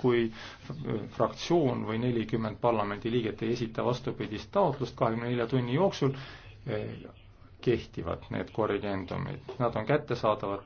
kui fraktsioon või nelikümmend parlamendiliiget ei esita vastupidist taotlust kahekümne nelja tunni jooksul, eh, kehtivad need korrigendumid, nad on kättesaadavad